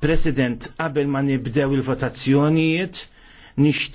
President, qabel ma nibdew il-votazzjonijiet,